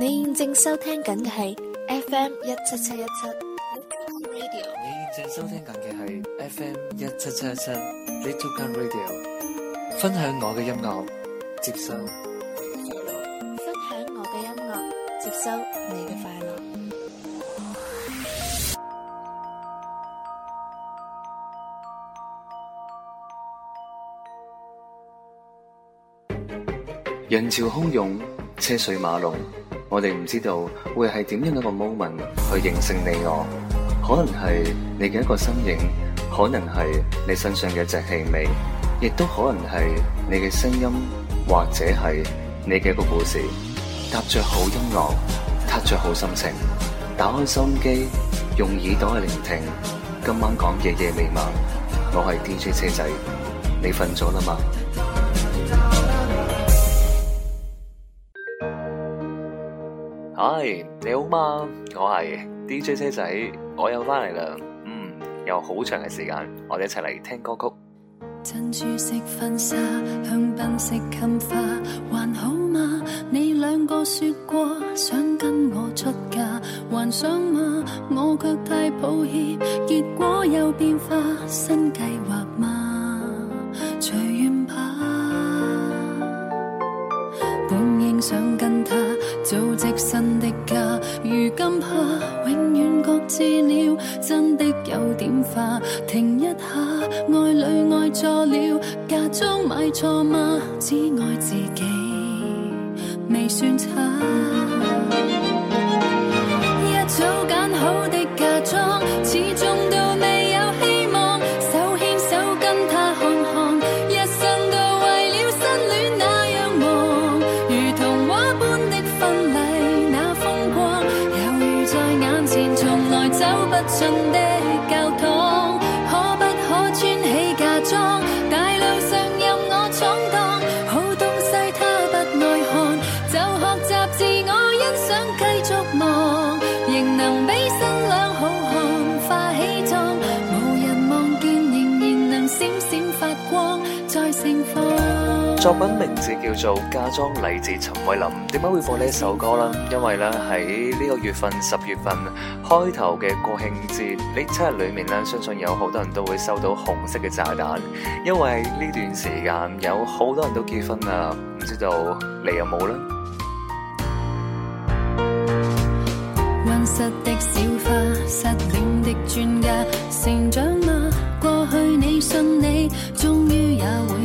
你現正收聽緊嘅係 FM 一七七一七，你現正收聽緊嘅係 FM 一七七一七，Let You Can Radio。分享我嘅音樂接收，分享我嘅音樂接收你嘅快樂。人潮洶湧，車水馬龍。我哋唔知道會係點樣一個 moment 去形成你我，可能係你嘅一個身影，可能係你身上嘅一隻氣味，亦都可能係你嘅聲音，或者係你嘅一個故事，踏着好音樂，踏着好心情，打開收音機，用耳朵去聆聽，今晚講嘅《夜夜未晚》，我係 DJ 車仔，你瞓咗啦嘛？唉，Hi，你好嗎？我係 DJ 車仔，我又翻嚟啦。嗯，有好長嘅時間，我哋一齊嚟聽歌曲。珍珠色婚紗，香檳色襟花，還好嗎？你兩個說過想跟我出嫁，還想嗎？我卻太抱歉，結果有變化，新計劃嗎？組織新的家，如今怕永遠擱置了，真的有點花。停一下，愛侶愛錯了，嫁妝買錯嗎？只愛自己，未算差。作品名字叫做《嫁妝》，嚟自陳慧琳。點解會放呢一首歌啦？因為咧喺呢個月份十月份開頭嘅國慶節，呢七日裏面咧，相信有好多人都會收到紅色嘅炸彈，因為呢段時間有好多人都結婚啦。唔知道你有冇啦？溫室的小花，失戀的專家，成長嗎？過去你信你，終於也。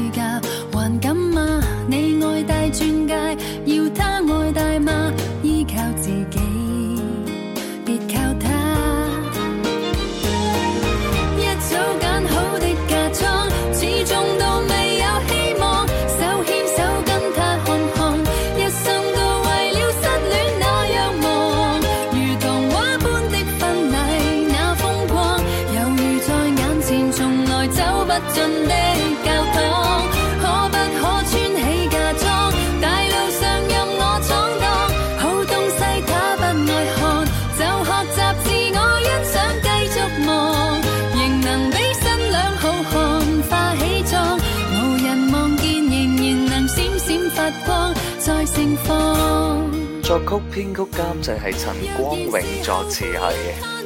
作曲、編曲、監製係陳光榮，作詞係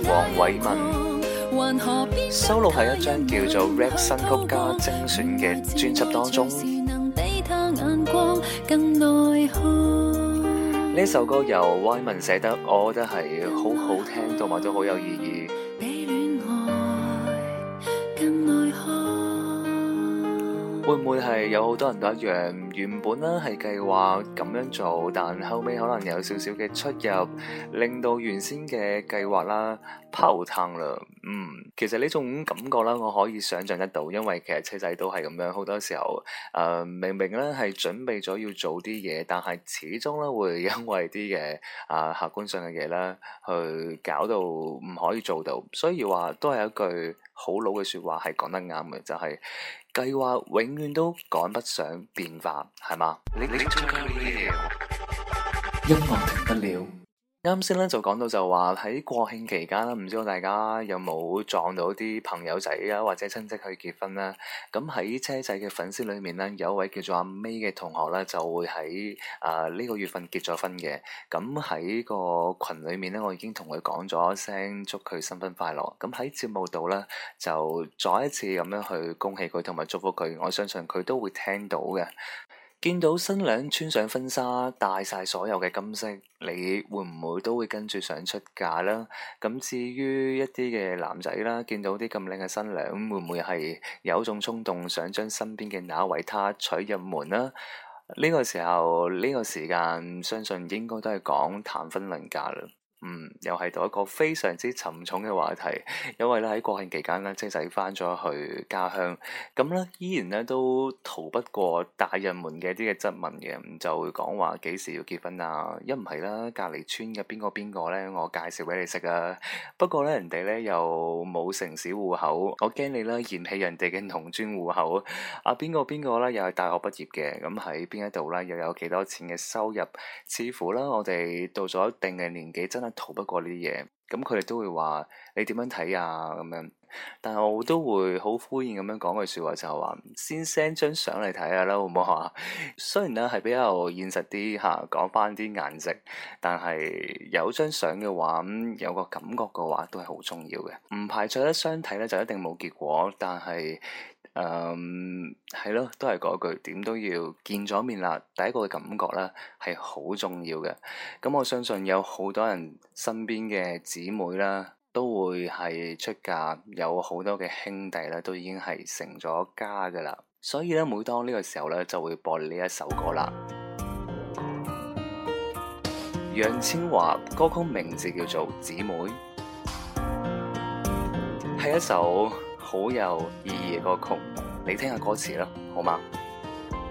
黃偉文。嗯、收錄喺一張叫做《RAP 新曲加精選》嘅專輯當中。呢、嗯、首歌由 Wyman 寫得，我覺得係好好聽，同埋都好有意義。會唔會係有好多人都一樣？原本咧係計劃咁樣做，但後尾可能有少少嘅出入，令到原先嘅計劃啦泡湯啦。嗯，其實呢種感覺啦，我可以想象得到，因為其實車仔都係咁樣，好多時候誒、呃、明明咧係準備咗要做啲嘢，但係始終咧會因為啲嘅啊客觀上嘅嘢啦，去搞到唔可以做到。所以話都係一句好老嘅説話，係講得啱嘅，就係、是。計劃永遠都趕不上變化，係嘛？你不啱先咧，就講到就話喺國慶期間啦，唔知道大家有冇撞到啲朋友仔啊或者親戚去結婚咧？咁喺車仔嘅粉絲裏面咧，有一位叫做阿 May 嘅同學咧，就會喺啊呢個月份結咗婚嘅。咁喺個群裏面咧，我已經同佢講咗一聲祝佢新婚快樂。咁喺節目度咧就再一次咁樣去恭喜佢同埋祝福佢，我相信佢都會聽到嘅。見到新娘穿上婚紗，戴晒所有嘅金色，你會唔會都會跟住想出嫁啦？咁至於一啲嘅男仔啦，見到啲咁靚嘅新娘，會唔會係有一種衝動想將身邊嘅那位她娶入門啦？呢、這個時候呢、這個時間，相信應該都係講談婚論嫁啦。嗯、又係到一個非常之沉重嘅話題，因為咧喺國慶期間咧，即使翻咗去家鄉，咁呢依然呢都逃不過大人們嘅啲嘅質問嘅，就會講話幾時要結婚啊？一唔係啦，隔離村嘅邊個邊個呢？我介紹俾你識啊！不過呢，人哋呢又冇城市戶口，我驚你呢嫌棄人哋嘅農村戶口。啊，邊個邊個呢？又係大學畢業嘅，咁喺邊一度呢？又有幾多錢嘅收入？似乎呢，我哋到咗一定嘅年紀，真係～逃不過呢啲嘢，咁佢哋都會話你點樣睇啊咁樣，但係我都會好敷衍咁樣講句説話就係話，先 send 張相嚟睇下啦，好唔好啊？ 雖然咧係比較現實啲嚇，講翻啲顏值，但係有張相嘅話，有個感覺嘅話都係好重要嘅，唔排除一相睇咧就一定冇結果，但係。嗯，係咯，um，都係嗰句，點都要見咗面啦。第一個嘅感覺咧係好重要嘅。咁我相信有好多人身邊嘅姊妹啦，都會係出嫁，有好多嘅兄弟啦，都已經係成咗家噶啦。所以咧，每當呢個時候咧，就會播呢一首歌啦。楊千嬅歌曲名字叫做《姊妹》，係一首。好有意義嘅歌曲，你聽下歌詞啦，好嗎？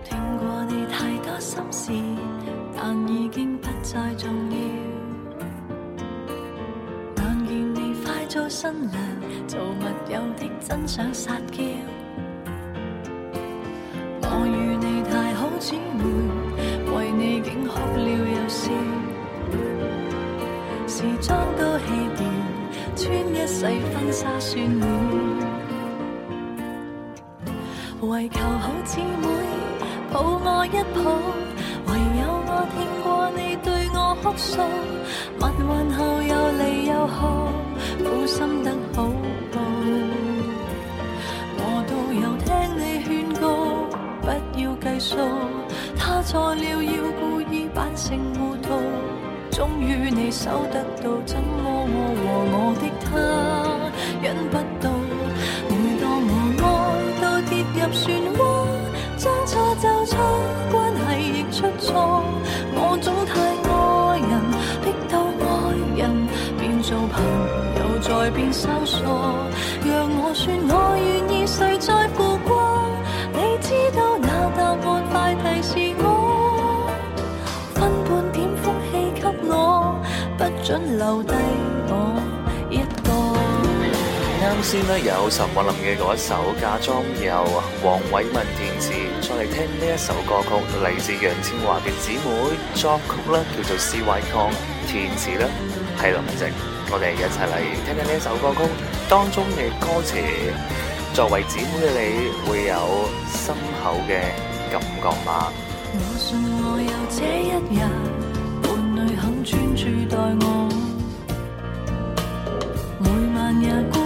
聽過你太多心事，但已經不再重要。但願你快做新娘，做密友的真想撒嬌。我與你太好姊妹，為你竟哭了又笑。時裝都棄掉，穿一世婚紗算了。唯求好姊妹抱我一抱，唯有我聽過你對我哭訴，蜜運後又離又合，苦心等好報。我都有聽你勸告，不要計數，他錯了要故意扮成糊塗，終於你守得到，怎麼我和我的他忍不到？漩渦，將錯就錯，關係亦出錯。我總太愛人，逼到愛人變做朋友，再變生疏。若我說我願意，誰在乎過？你知道那答案快提示我，分半點福氣給我，不准留低。先咧有陳慧琳嘅嗰一首《嫁妝》，由黃偉文填詞。再嚟聽呢一首歌曲，嚟自楊千嬅嘅《姊妹》，作曲咧叫做司偉康，填詞咧係林夕。我哋一齊嚟聽聽呢一首歌曲當中嘅歌詞。作為姊妹嘅你，會有深厚嘅感覺嗎？我信我有這一日，伴侶肯專注待我，每晚也。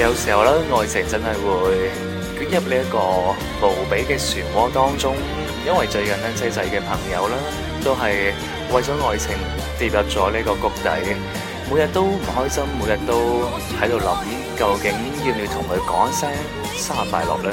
有時候咧，愛情真係會捲入呢一個無比嘅漩渦當中，因為最近呢，仔仔嘅朋友啦，都係為咗愛情跌入咗呢個谷底，每日都唔開心，每日都喺度諗：「究竟要唔要同佢講聲生日快樂呢？」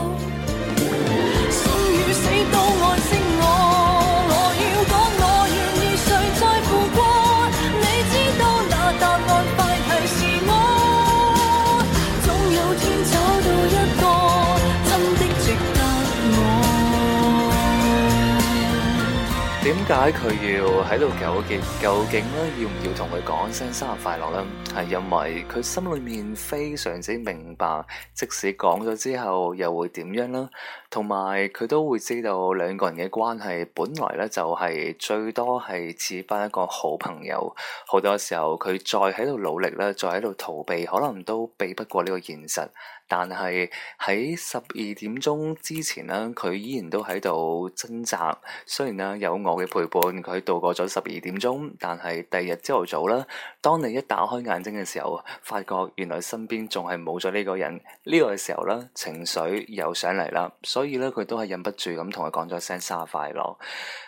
點解佢要喺度糾結，究竟咧要唔要同佢講聲生日快樂咧？係因為佢心裏面非常之明白，即使講咗之後又會點樣啦。同埋佢都會知道兩個人嘅關係本來咧就係最多係似返一個好朋友，好多時候佢再喺度努力咧，再喺度逃避，可能都避不過呢個現實。但係喺十二點鐘之前呢，佢依然都喺度掙扎。雖然呢有我嘅陪伴，佢度過咗十二點鐘，但係第二日朝頭早呢，當你一打開眼睛嘅時候，發覺原來身邊仲係冇咗呢個人。呢個嘅時候咧，情緒又上嚟啦，所所以咧，佢都係忍不住咁同佢講咗聲生日快樂，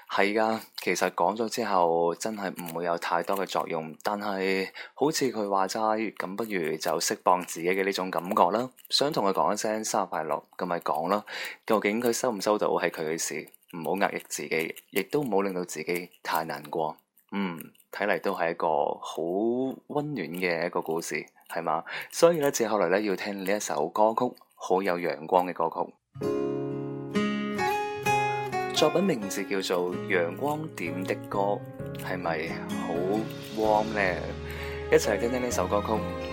係啊。其實講咗之後，真係唔會有太多嘅作用。但係好似佢話齋，咁不如就釋放自己嘅呢種感覺啦。想同佢講一聲生日快樂，咁咪講啦。究竟佢收唔收到係佢嘅事，唔好壓抑自己，亦都唔好令到自己太難過。嗯，睇嚟都係一個好溫暖嘅一個故事，係嘛？所以咧，接下來咧要聽呢一首歌曲，好有陽光嘅歌曲。作品名字叫做《陽光點的歌》，係咪好 warm 呢？一齊聽聽呢首歌曲。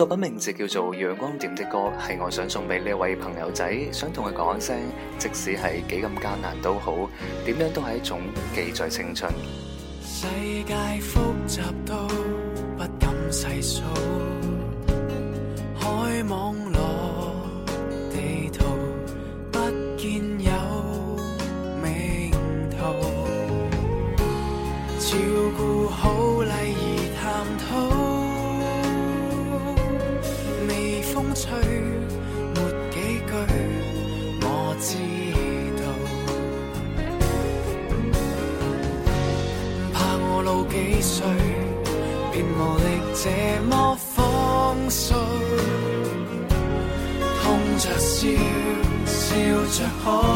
作品名字叫做《陽光點的歌》，係我想送俾呢位朋友仔，想同佢講聲，即使係幾咁艱難都好，點樣都係一種記載青春。吹沒幾句，我知道。怕我老幾歲，便無力這麼放鬆。痛着笑，笑著哭。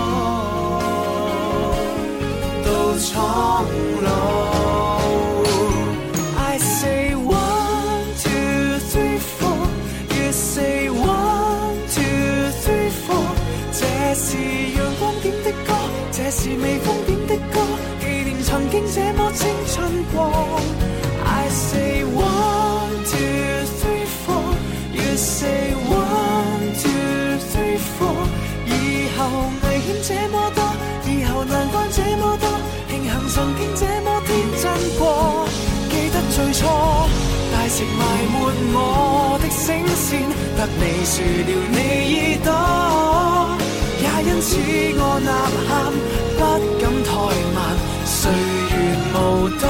一直埋沒我的聲線，不你豎了你耳朵，也因此我吶喊，不敢怠慢，歲月無多。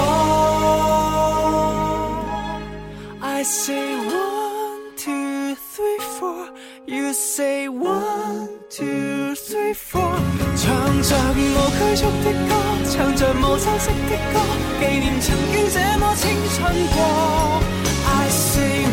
I say one two three four, you say one two three four，唱着無拘束的歌，唱着無修飾的歌，紀念曾經這麼青春過。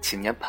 前一排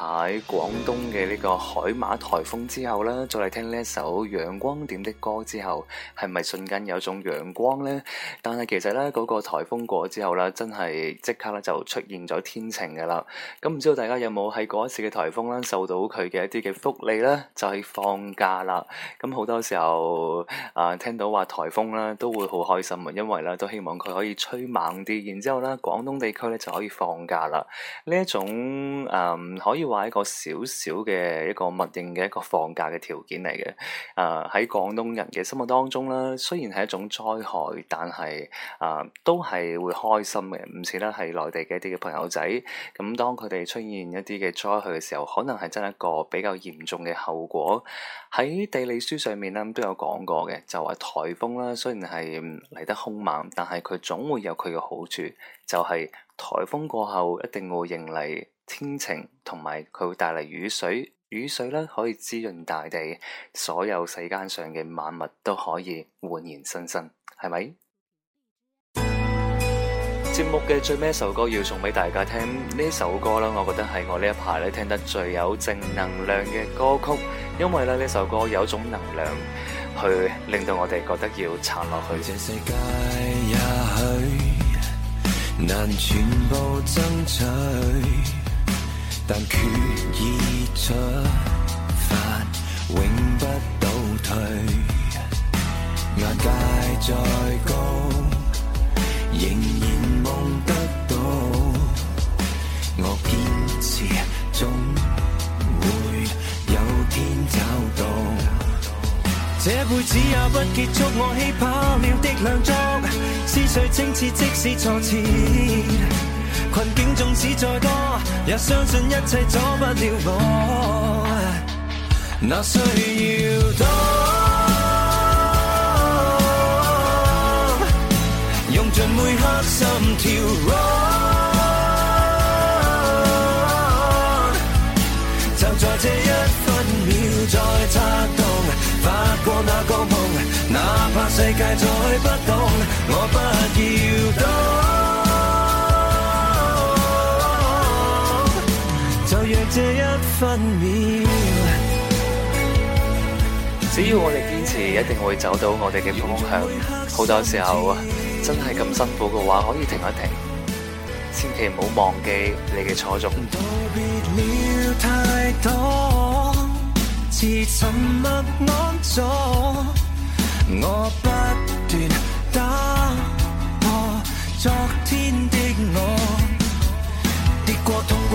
廣東嘅呢個海馬颱風之後呢，再嚟聽呢一首陽光點的歌之後，係咪瞬間有種陽光呢？但係其實呢，嗰、嗰個颱風過之後呢，真係即刻呢就出現咗天晴噶啦。咁唔知道大家有冇喺嗰一次嘅颱風咧，受到佢嘅一啲嘅福利呢，就係、係、放假啦。咁好多時候啊、呃，聽到話颱風咧，都會好開心啊，因為呢都希望佢可以吹猛啲，然之後咧廣東地區呢，就可以放假啦。呢一種誒。呃唔、嗯、可以話一個小小嘅一個默認嘅一個放假嘅條件嚟嘅。誒喺廣東人嘅心目當中啦，雖然係一種災害，但係誒、呃、都係會開心嘅。唔似得係內地嘅一啲嘅朋友仔。咁當佢哋出現一啲嘅災害嘅時候，可能係真係一個比較嚴重嘅後果。喺地理書上面咧都有講過嘅，就話颱風啦。雖然係嚟得兇猛，但係佢總會有佢嘅好處，就係、是、颱風過後一定會迎嚟天晴同埋佢會帶嚟雨水，雨水咧可以滋潤大地，所有世間上嘅萬物都可以煥然新生,生，係咪？節目 嘅最尾一首歌要送俾大家聽呢首歌啦，我覺得係我呢一排咧聽得最有正能量嘅歌曲，因為咧呢首歌有種能量去令到我哋覺得要撐落去。這世界也許難全部爭取。」但決意出發，永不倒退。眼界再高，仍然望得到。我堅持總會有天找到。這輩子也不結束我起跑了的量度，思緒清緻即，即使錯刺。困境縱使再多，也相信一切阻不了我。那需要多，用盡每刻心跳。就在這一分秒再擦動，發過那個夢，哪怕世界再不懂，我不要躲。只要我哋堅持，一定會走到我哋嘅方向。好多時候，真係咁辛苦嘅話，可以停一停，千祈唔好忘記你嘅初衷。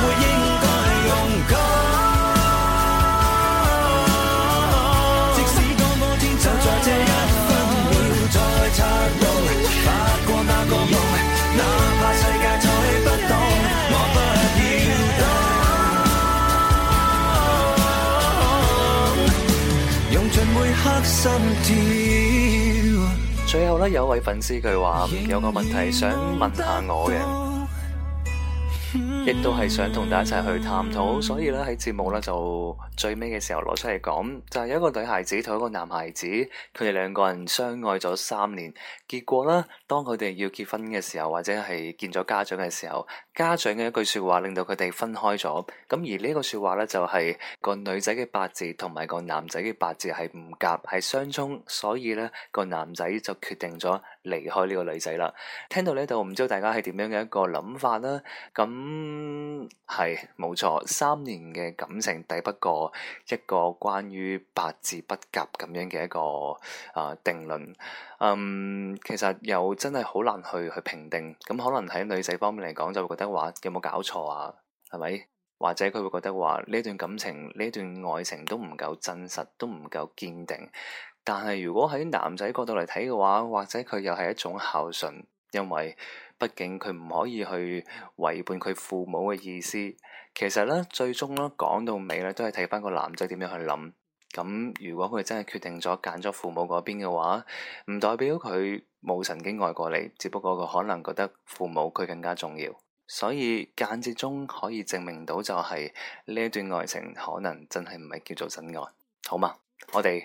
會即使多麼天真，在這一分秒再擦過，擦過那個夢，哪怕世界再不懂，我不要等。用盡每刻心跳。最後呢，有一位粉絲佢話有個問題想問下我嘅。亦都係想同大家一齊去探討，所以咧喺節目咧就最尾嘅時候攞出嚟講，就係有一個女孩子同一個男孩子，佢哋兩個人相愛咗三年，結果咧當佢哋要結婚嘅時候，或者係見咗家長嘅時候，家長嘅一句説話令到佢哋分開咗。咁而呢一個説話咧就係個女仔嘅八字同埋個男仔嘅八字係唔夾，係相沖，所以咧個男仔就決定咗，離開呢個女仔啦，聽到呢度唔知道大家係點樣嘅一個諗法啦。咁係冇錯，三年嘅感情抵不過一個關於八字不夾咁樣嘅一個啊，呃，定論。嗯，其實又真係好難去去評定。咁可能喺女仔方面嚟講，就會覺得話有冇搞錯啊？係咪？或者佢會覺得話呢段感情，呢段愛情都唔夠真實，都唔夠堅定。但係如果喺男仔角度嚟睇嘅話，或者佢又係一種孝順，因為畢竟佢唔可以去違背佢父母嘅意思。其實咧，最終咧講到尾咧，都係睇翻個男仔點樣去諗。咁如果佢真係決定咗揀咗父母嗰邊嘅話，唔代表佢冇曾經愛過你，只不過佢可能覺得父母佢更加重要。所以間接中可以證明到就係：呢一段愛情可能真係唔係叫做真愛，好嘛？我哋。